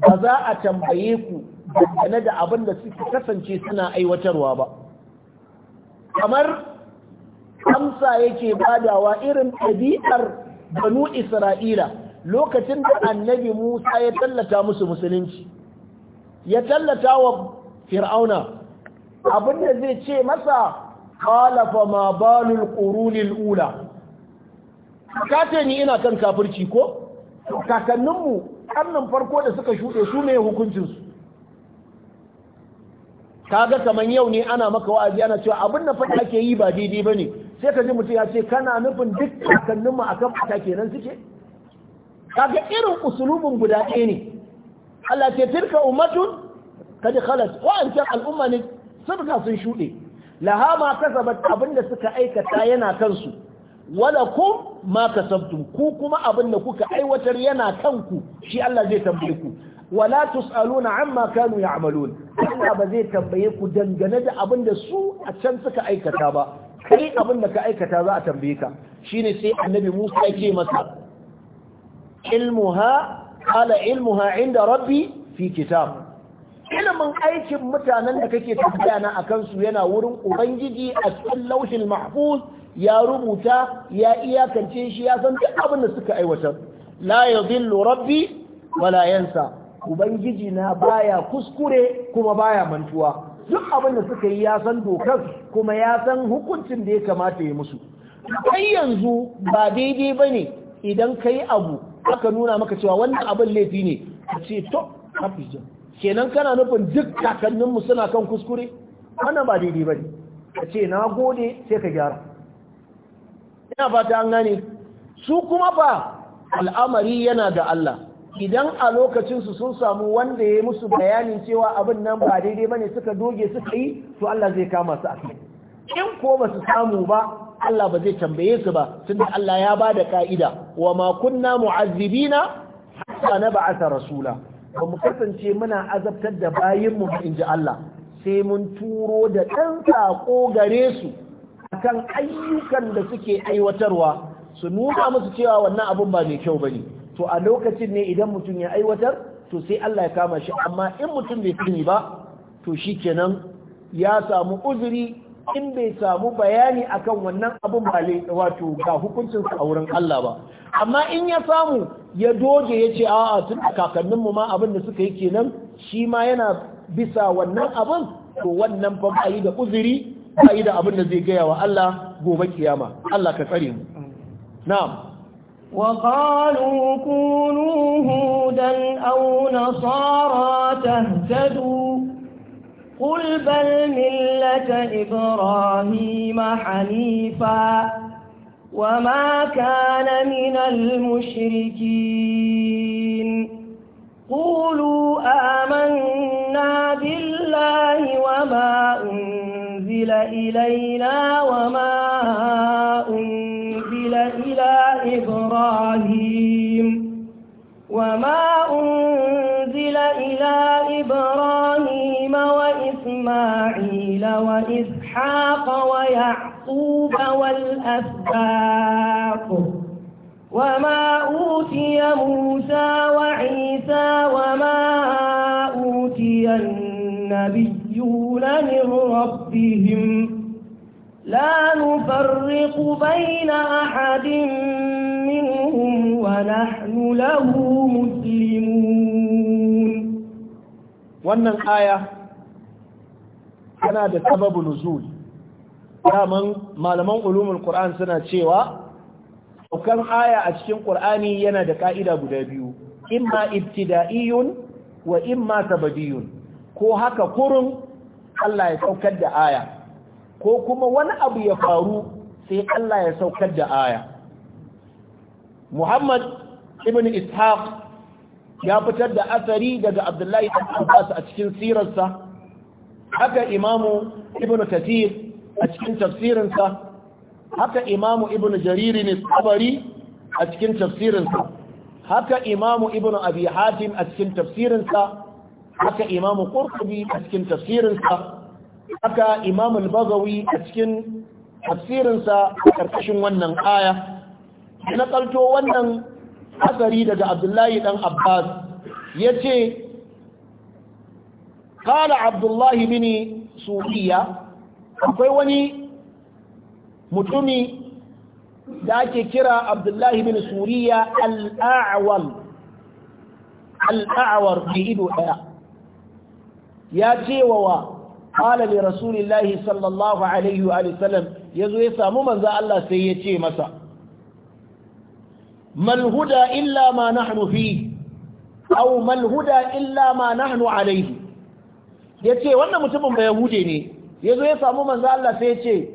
ba za a tambaye ku dangane da abin da suke kasance suna aiwatarwa ba kamar amsa yake badawa irin ɗabi'ar banu isra'ila lokacin da annabi musa ya tallata musu musulunci ya tallata wa fir'auna Abin da zai ce masa khalafa ma balul ƙorunin ula ka ni ina kan kafirci ko kakanninmu karnin farko da suka shuɗe su ne hukuncinsu kaga kamar yau ne ana maka wa'azi ana cewa abin da faɗi ake yi ba daidai ba ne sai ka ji mutum ya ce kana nufin duk kakanninmu a kan fata kenan suke kaga irin usulubin guda ɗaya ne Allah ce tilka ummatun kad khalas wa'ancan al'umma ne sun sun shuɗe Lahama ma kasabat abin da suka aikata yana kansu walakum ma kasabtum ku kuma abin da kuka aiwatar yana kanku shi Allah zai tambaye ku wala tusaluna amma kanu ya'malun Allah ba zai tambaye ku dangane da abin da su a can suka aikata ba kai abin da ka aikata za a tambaye ka shine sai annabi Musa yake masa ilmuha ala ilmuha inda rabbi fi kitab ilimin aikin mutanen da kake tambaya na akan su yana wurin ubangiji a cikin lauhin mahfuz ya rubuta ya iyakance shi ya san duk abin da suka aiwatar la yadhillu rabbi wala yansa ubangiji na baya kuskure kuma baya mantuwa duk abin da suka yi ya san dokar kuma ya san hukuncin da ya kamata ya musu kai yanzu ba daidai bane idan kai abu aka nuna maka cewa wannan abin laifi ne ka ce to hafizin kenan kana nufin duk kakannin mu suna kan kuskure wannan ba daidai bane ka ce na gode sai ka gyara ina fata an gane su kuma ba al'amari yana da Allah idan a lokacinsu sun samu wanda ya musu bayanin cewa abin nan ba daidai ba ne suka doge suka yi to Allah zai kama su akai in ko ba su samu ba Allah ba zai tambaye su ba tunda Allah ya ba da ka'ida wa ma kunna mu'azzibina hatta nab'atha rasula ba mu kasance muna azabtar da bayinmu mu inji Allah sai mun turo da ɗan saƙo gare su akan ayyukan da suke aiwatarwa su nuna musu cewa wannan abun ba mai kyau bane to a lokacin ne idan mutum ya aiwatar to sai Allah ya kama shi amma in mutum bai sani ba to shikenan ya samu uzuri in bai samu bayani akan wannan abun ba wato ga hukuncin a wurin Allah ba amma in ya samu ya doge ya ce a'a tun mu ma abin da suka yi kenan shi ma yana bisa wannan abun, to wannan fa ba da uzuri ka'ida abin da zai gaya wa Allah gobe kiyama Allah ka tsare mu na'am wa qalu kunu hudan aw tahtadu qul bal millata ibrahima hanifa wa كَانَ مِنَ الْمُشْرِكِينَ قُولُوا آمَنَّا بِاللَّهِ وَمَا أُنْزِلَ أنزل إلينا وما أنزل إلى إبراهيم وما أنزل إلى إبراهيم وإسماعيل وإسحاق ويعقوب والأسباط وما أوتي موسى وعيسى وما أوتي النبي يرجون من ربهم لا نفرق بين أحد منهم ونحن له wannan aya tana da sababu nuzul daman malaman ulumul qur'an suna cewa saukan aya a cikin qur'ani yana da ƙa'ida guda biyu imma ibtida'iyun wa imma sababiyun ko haka kurun Allah ya saukar da aya ko kuma wani abu ya faru sai Allah ya saukar da aya Muhammad ibn Ishaq ya fitar da asari daga Abdullahi ibn Abbas a cikin sirarsa haka imamu ibn Kathir a cikin tafsirinsa haka imamu ibn Jarir ne tabari a cikin tafsirinsa haka imam ibn Abi Hatim a cikin tafsirinsa haka imamu qurtubi a cikin tafsirinsa haka imamu bagawi a cikin tafsirinsa a karkashin wannan aya na kalto wannan asari daga abdullahi dan abbas ce qala abdullahi bin sufiya akwai wani mutumi da ake kira abdullahi bin suriya al'awar al'awar da ido ɗaya ya ce wa qala li rasulillahi sallallahu alaihi wa sallam yazo ya samu manza Allah sai ya ce masa Malhuda illa ma nahnu fi au malhuda illa ma nahnu alaihi Ya ce wannan mutumin ba yahude ne Ya zo ya samu manza Allah sai ya ce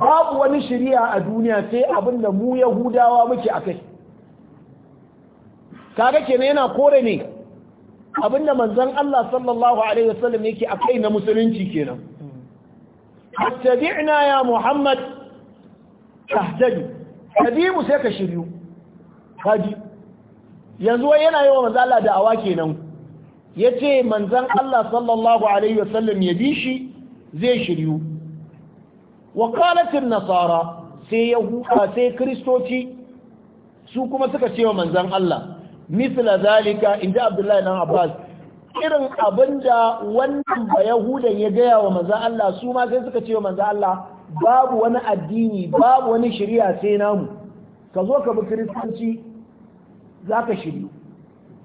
babu wani shari'a a duniya sai abinda mu yahudawa muke akai kaga kenan yana kore ne abinda manzon Allah sallallahu alaihi wasallam yake akai na musulunci kenan tabi'na ya Muhammad tahtadi tabi sai ka shiryu yanzu wai yana yawa manzon Allah da awa kenan ce manzon Allah sallallahu alaihi wasallam ya bi shi zai shiryu wa nasara sai yahuda sai kiristoci su kuma suka ce wa manzon Allah misla zalika in ji abdullahi dan abbas irin abinda wannan ba yahudan ya gaya wa manzo Allah su ma sai suka ce wa manzo Allah babu wani addini babu wani shari'a sai namu ka zo ka bi kiristanci za ka shiryu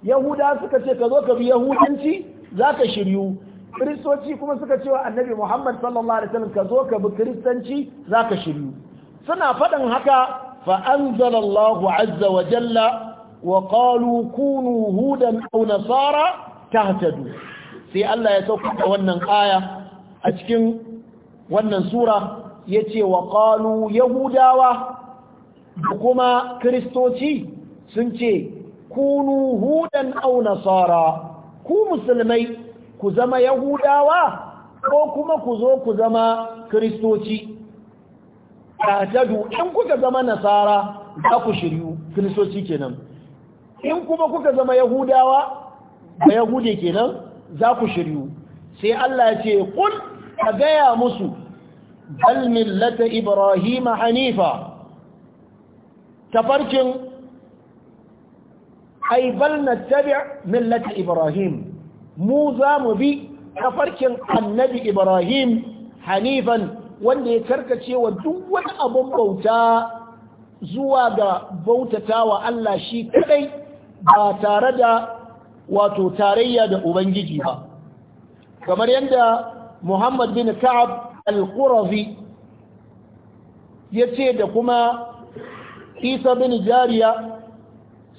yahuda suka ce ka zo ka bi yahudanci za ka shiryu kiristoci kuma suka ce wa annabi muhammad sallallahu alaihi wasallam ka zo ka bi kiristanci za ka shiryu suna faɗin haka fa anzalallahu azza wa jalla وقالوا كونوا هودا او نصارى تهتدوا sai Allah ya sauka wannan aya a cikin wannan sura yace wa qalu yahudawa kuma kristoci sun ce kunu hudan aw nasara ku musulmai ku zama yahudawa ko kuma ku zo ku zama kristoci ta jadu in kuka zama nasara za ku shiryu kristoci kenan in kuma kuka zama yahudawa ba yahude kenan za ku shiryu sai Allah ya ce kul a gaya musu bal millata Ibrahim hanifa tafarkin ai bal nattabi' millata ibrahim mu za mu bi tafarkin annabi ibrahim hanifan wanda ya karkace wa duk wani abun bauta zuwa ga bautatawa Allah shi kadai ba tare da wato tarayya da ubangiji ba kamar yadda muhammad bin ka'ab al-qurazi ya ce da kuma isa bin jariya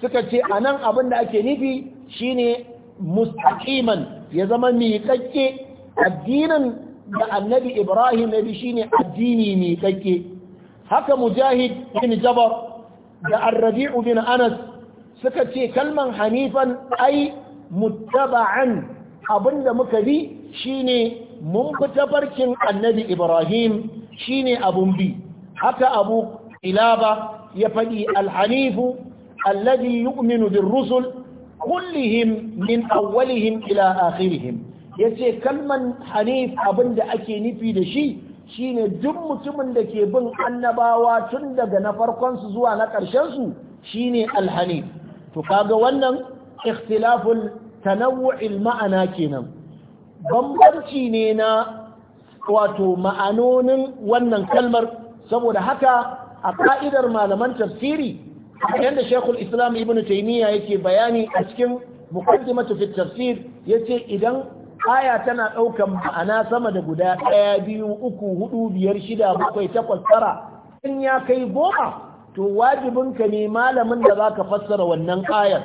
suka ce a nan abin da ake nufi shine mustaqiman ya zama miƙaƙƙe addinin da annabi ibrahim na shine addini miƙaƙƙe haka mujahid bin jabar da arrabi'u bin anas suka ce kalman hanifan ai muttaba'an abinda muka bi shine mun fi barkin annabi ibrahim shine abun bi haka abu ilaba ya faɗi alhanifu alladhi yu'minu rusul kullihim min awwalihim ila akhirihim yace kalman hanif abinda ake nufi da shi shine duk mutumin da ke bin annabawa tun daga na farkon su zuwa na ƙarshen su shine alhanif to kaga wannan ikhtilaful tanawu'il ma'ana kenan bambanci ne na wato ma'anonin wannan kalmar saboda haka a ka'idar malaman tafsiri yadda shekul islam ibn taimiyya yake bayani a cikin mukaddimatu fi tafsir yace idan aya tana ɗaukan ma'ana sama da guda ɗaya biyu uku hudu biyar shida bakwai takwas tara in ya kai goma to wajibinka ne malamin da za ka fassara wannan ayar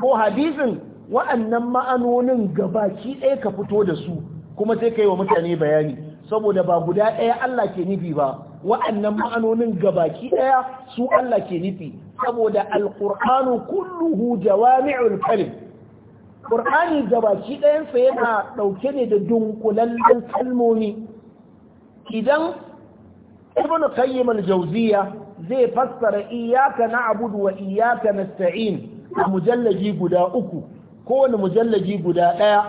ko hadisin wa'annan ma'anonin gabaki ɗaya ka fito da su kuma sai ka yi wa mutane bayani saboda ba guda ɗaya Allah ke nufi ba wa'annan ma'anonin gabaki ɗaya su Allah ke nufi saboda alƙur'anu kulluhu jawami'ul kalim ƙur'ani gabaki ɗayansa yana ɗauke ne da dunkulallen kalmomi idan ibn qayyim al-jawziya zai fassara iyaka na abudu wa iyaka na sta'in a mujallaji guda uku kowane mujallaji guda ɗaya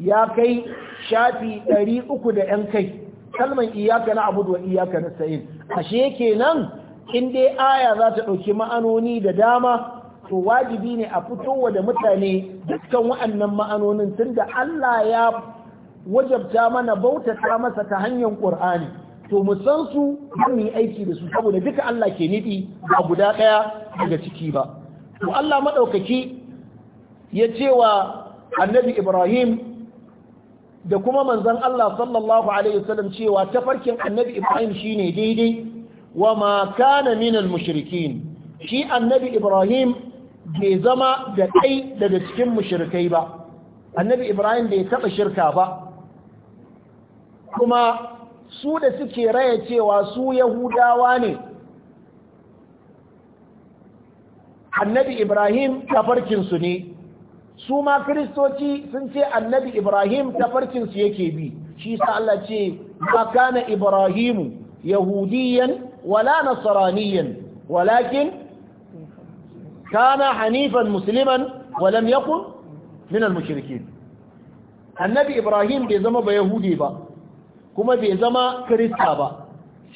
ya kai shafi ɗari uku da ‘yan kai kalman iyaka na abudu wa iyaka na sta'in ashe kenan in dai aya za ta ɗauki ma'anoni da dama to wajibi ne a fitowa da mutane dukkan wa'annan ma'anonin tunda Allah ya wajabta mana bautata masa ta hanyar ƙur'ani to mu san su zan yi aiki da su saboda duka Allah ke nufi ba guda ɗaya daga ciki ba to Allah maɗaukaki ya ce wa annabi Ibrahim da kuma manzon Allah sallallahu alaihi wasallam cewa tafarkin annabi Ibrahim shine daidai wa ma kana minal mushrikin shi annabi Ibrahim bai zama da kai daga cikin mushrikai ba annabi Ibrahim bai taɓa shirka ba kuma su da suke raya cewa su yahudawa ne annabi ibrahim tafarkinsu ne su ma kiristoci sun ce annabi ibrahim tafarkinsu yake bi shi sa Allah ce ma ibrahimu yahudiyan wala nasraniyan walakin kana hanifan musliman walam yakun min al-mushrikin annabi ibrahim bai zama ba yahudi ba kuma bai zama kirista ba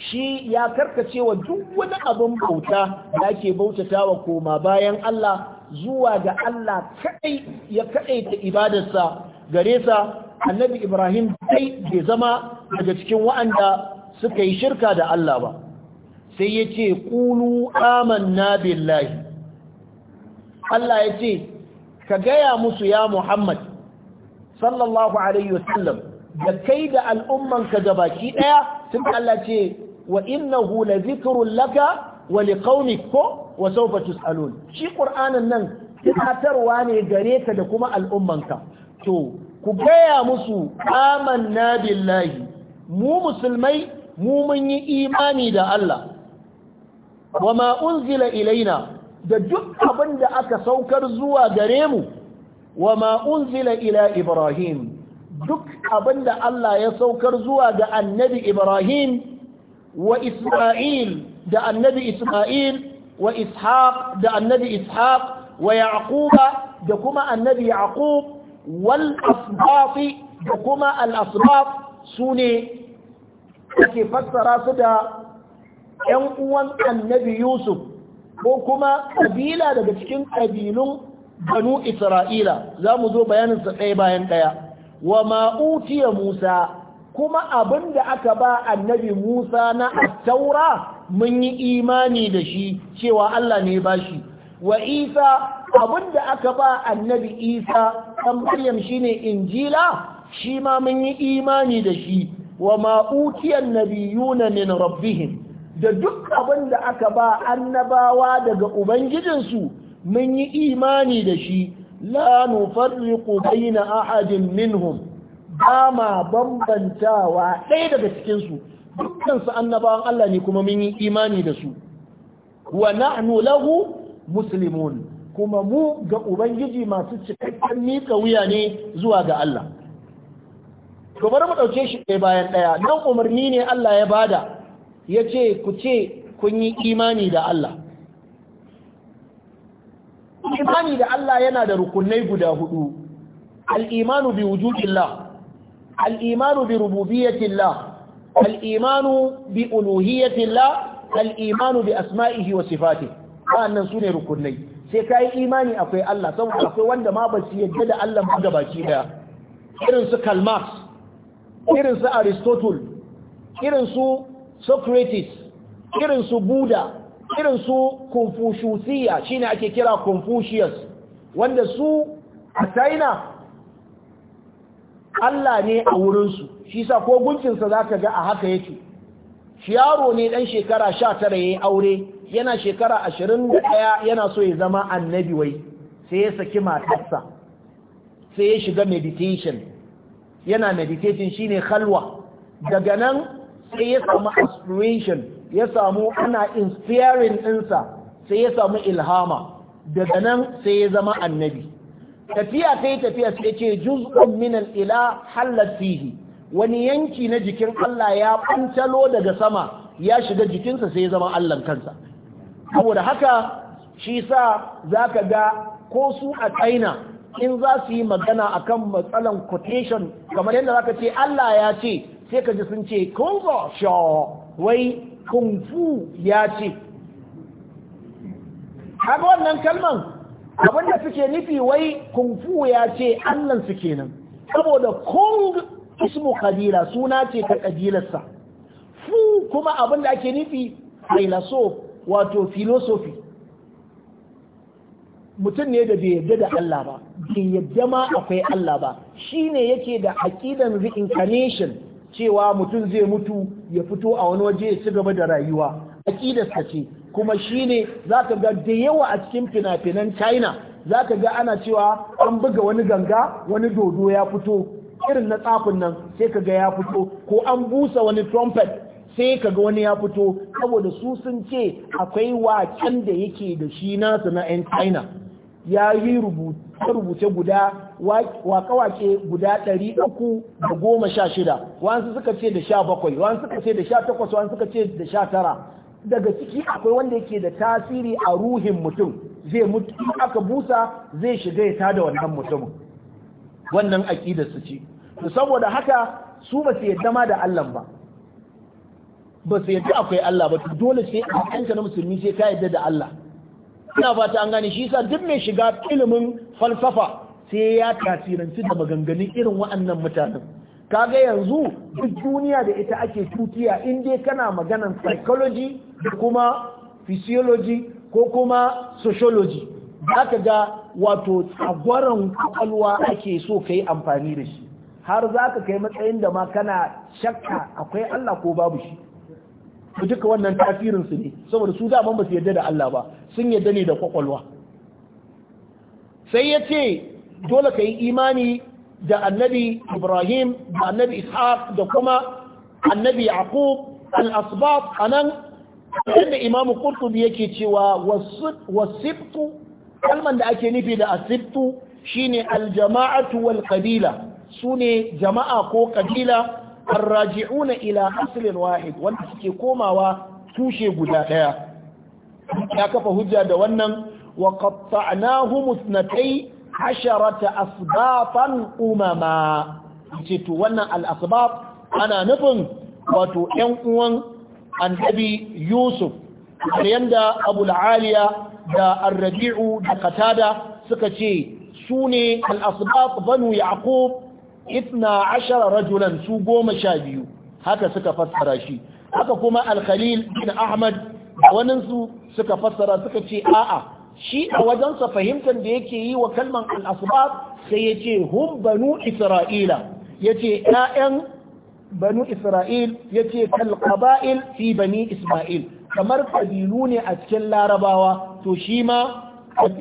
shi ya karkace wa duk wani abin bauta da ke bautata wa koma bayan Allah zuwa ga Allah kadai ya kadaita ibadarsa gare sa annabi Ibrahim sai bai zama daga cikin wa'anda suka yi shirka da Allah ba sai ya ce kulu amanna billahi Allah ya ce ka gaya musu ya Muhammad sallallahu alaihi wasallam da kai da al'ummanka da baki daya sun Allah ce wa innahu la zikrun laka wa liqaumik ko wa sawfa tusalun shi qur'anin nan tunatarwa ne gare ka da kuma al'ummanka to ku gaya musu amanna billahi mu musulmai mu mun yi imani da Allah wa ma unzila ilaina da duk abin da aka saukar zuwa gare mu wa ma unzila ila ibrahim duk abin da Allah ya saukar zuwa ga annabi Ibrahim wa Isma'il da annabi Isma'il wa Ishaq da annabi Ishaq wa Yaquba da kuma annabi Yaqub wal asbaf da kuma al asbaf sune ake fassara su da ƴan uwan annabi Yusuf ko kuma kabila daga cikin kabilun banu Isra'ila za mu zo bayaninsa ɗaya bayan ɗaya wa ma'utiya Musa kuma abin da aka ba annabi Musa na attaura mun yi imani da shi cewa Allah ne ba shi wa Isa abinda aka ba annabi Isa ɗan Maryam shine injila shi ma mun yi imani da shi wa ma'utiyan nabiyuna min rabbihim da duk abinda aka ba annabawa daga ubangijinsu mun yi imani da shi la nufarriqu baina ahadin minhum ba ma bambantawa ɗaya daga cikin su dukkan su annabawan Allah ne kuma mun yi imani da su wa nahnu lahu muslimun kuma mu ga ubangiji masu cikakken mika wuya ne zuwa ga Allah to bari mu dauke shi ɗaya bayan ɗaya nan umarni ne Allah ya bada yace ku ce kun yi imani da Allah imani da Allah yana da rukunai guda hudu al-imanu bi wujudillah al-imanu bi rububiyyatillah al-imanu bi uluhiyyatillah al-imanu bi asma'ihi wa sifatihi wannan sune rukunai sai kai imani akwai Allah saboda akwai wanda ma ba su yadda da Allah ba gabaki daya irin su Karl Marx irin su Aristotle irin su Socrates irin su Buddha irin su shi shine ake kira confucius wanda su a china Allah ne a wurinsu shi sa ko gunkinsa za ka ga a haka yake shi yaro ne dan shekara sha tara ya yi aure yana shekara ashirin da ɗaya yana so ya zama annabi wai sai ya saki matarsa sai ya shiga meditation yana meditation shine khalwa daga nan sai ya samu aspiration ya samu ana inspiring ɗinsa sai ya samu ilhama daga nan sai ya zama annabi tafiya ta yi tafiya sai ce juz'un min al-ila hallat fihi wani yanki na jikin Allah ya ɓantalo daga sama ya shiga jikinsa sai ya zama Allah kansa saboda haka shi sa zaka ga ko su a tsaina in za su yi magana akan matsalan quotation kamar yadda zaka ce Allah ya ce sai ka ji sun ce kunzo sho wai kung fu ya ce haka wannan kalman abinda suke nufi wai kung fu ya ce allan su kenan saboda kung ismu kabila suna ce ta kabilarsa fu kuma abinda ake nufi filosof wato filosofi mutum ne da bai yarda da Allah ba bai yarda ma akwai Allah ba shi ne yake da aqidan reincarnation cewa mutum zai mutu ya fito a wani waje ya ci gaba da rayuwa aƙidarsa ce kuma shine za ka ga da yawa a cikin fina-finan china za ka ga ana cewa an buga wani ganga wani dodo ya fito irin na tsafin nan sai ka ga ya fito ko an busa wani trumpet sai ka ga wani ya fito saboda su sun ce akwai waken da yake da shi nasu na 'yan china ya yi rubuce guda waƙawaƙe guda ɗari uku da goma sha shida wani suka ce da sha bakwai wani suka ce da sha takwas wani suka ce da sha tara daga ciki akwai wanda yake da tasiri a ruhin mutum zai mutu aka busa zai shiga ya tada wannan mutumin wannan aƙidar su ce to saboda haka su ba su yadda ma da Allah ba ba su yadda akwai Allah ba dole sai a kanka na musulmi sai ka yadda da Allah ina fata an gane shi yasa duk mai shiga ilimin falsafa sai ya tasiranci da maganganun irin waɗannan mutanen kaga yanzu duk duniya da ita ake tutiya in dai kana maganan psychology da kuma physiology ko kuma sociology zaka ga wato tsagwaron kwakwalwa ake so ka yi amfani da shi har za ka kai matsayin da ma kana shakka akwai Allah ko babu shi ku duka wannan tasirinsu ne saboda su daman ba su yarda da Allah ba sun yarda ne da kwakwalwa sai ya ce dole ka yi imani da annabi ibrahim da annabi ishaq da kuma annabi yaqub al-asbab anan inda imam qurtubi yake cewa wasibtu kalman da ake nufi da asibtu shine al-jama'atu wal qabila sune jama'a ko qabila arraji'una ila asalin wahid wanda suke komawa tushe guda daya ya kafa hujja da wannan wa qatta'nahum ithnatai hasharata asbatan umama ce to wannan al'asbab ana nufin wato yan uwan annabi Yusuf yanda Abu al da arrabi'u da katada suka ce su ne al banu Yaqub 12 rajulan su goma sha biyu haka suka fassara shi haka kuma al-Khalil bin Ahmad waninsu suka fassara suka ce a'a shi a wajensa fahimtar da yake yi wa kalman al'asbab sai ya ce hum banu isra'ila ya ce ‘ya'yan banu isra'il ya ce kalqaba'il fi bani isma'il kamar kabilu ne a cikin larabawa to shi ma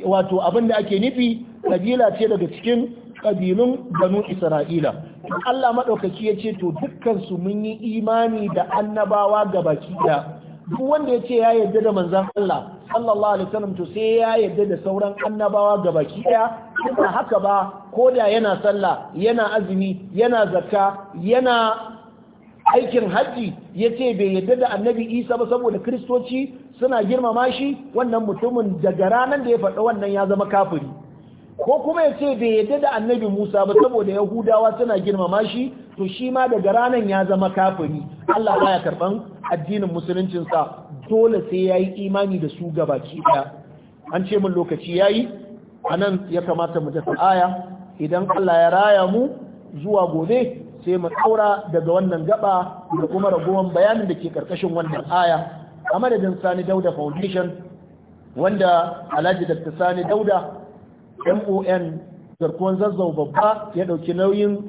wato abin da ake nufi kabila ce daga cikin kabilun banu isra'ila Allah maɗaukaki ya ce to dukkansu mun yi imani da annabawa ga baki ɗaya duk wanda ya ce ya yarda da manzan Allah sallallahu alaihi wasallam to sai ya yarda da sauran annabawa baki daya kuma haka ba ko da yana sallah yana azumi yana zakka yana aikin hajji yace bai yarda da annabi Isa ba saboda kristoci suna girmama shi wannan mutumin daga ranar da ya faɗa wannan ya zama kafiri ko kuma ya ce bai yadda da annabi Musa ba saboda Yahudawa suna girmama shi to shi ma daga ranan ya zama kafiri Allah ya karban addinin musuluncinsa dole sai ya yi imani da su ki daya an ce min lokaci yayi anan ya kamata mu dafa aya idan Allah ya raya mu zuwa gobe sai mu daura daga wannan gaba da kuma ragowar bayanin da ke karkashin wannan aya a madadin Sani Dauda Foundation wanda Alhaji Dr. Sani Dauda MON garkuwan zazzau babba ya ɗauki nauyin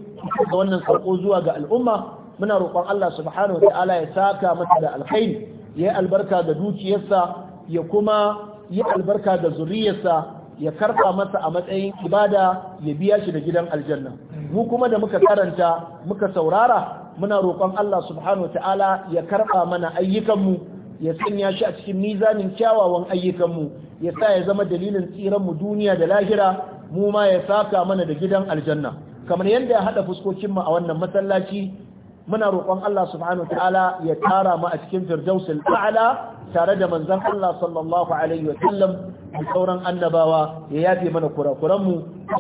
da wannan sako zuwa ga al'umma muna roƙon Allah subhanahu ta'ala ya saka mata da alkhairi ya albarka da dukiyarsa ya kuma yi albarka da zuriyarsa ya karɓa masa a matsayin ibada ya biya shi da gidan aljanna mu kuma da muka karanta muka saurara muna roƙon Allah subhanahu ta'ala ya karɓa mana ayyukanmu ya sanya shi a cikin mizanin kyawawan ayyukanmu ya sa ya zama dalilin tsiranmu duniya da lahira mu ma ya saka mana da gidan aljanna kamar yadda ya haɗa fuskokinmu a wannan masallaci muna roƙon Allah subhanahu ta'ala ya tara mu a cikin firdausul a'la tare da manzon Allah sallallahu alaihi wa sallam da sauran annabawa ya yafe mana kura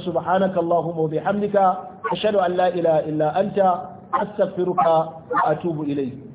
subhanaka allahumma wa bihamdika ashhadu an la ilaha illa anta astaghfiruka wa atubu ilayk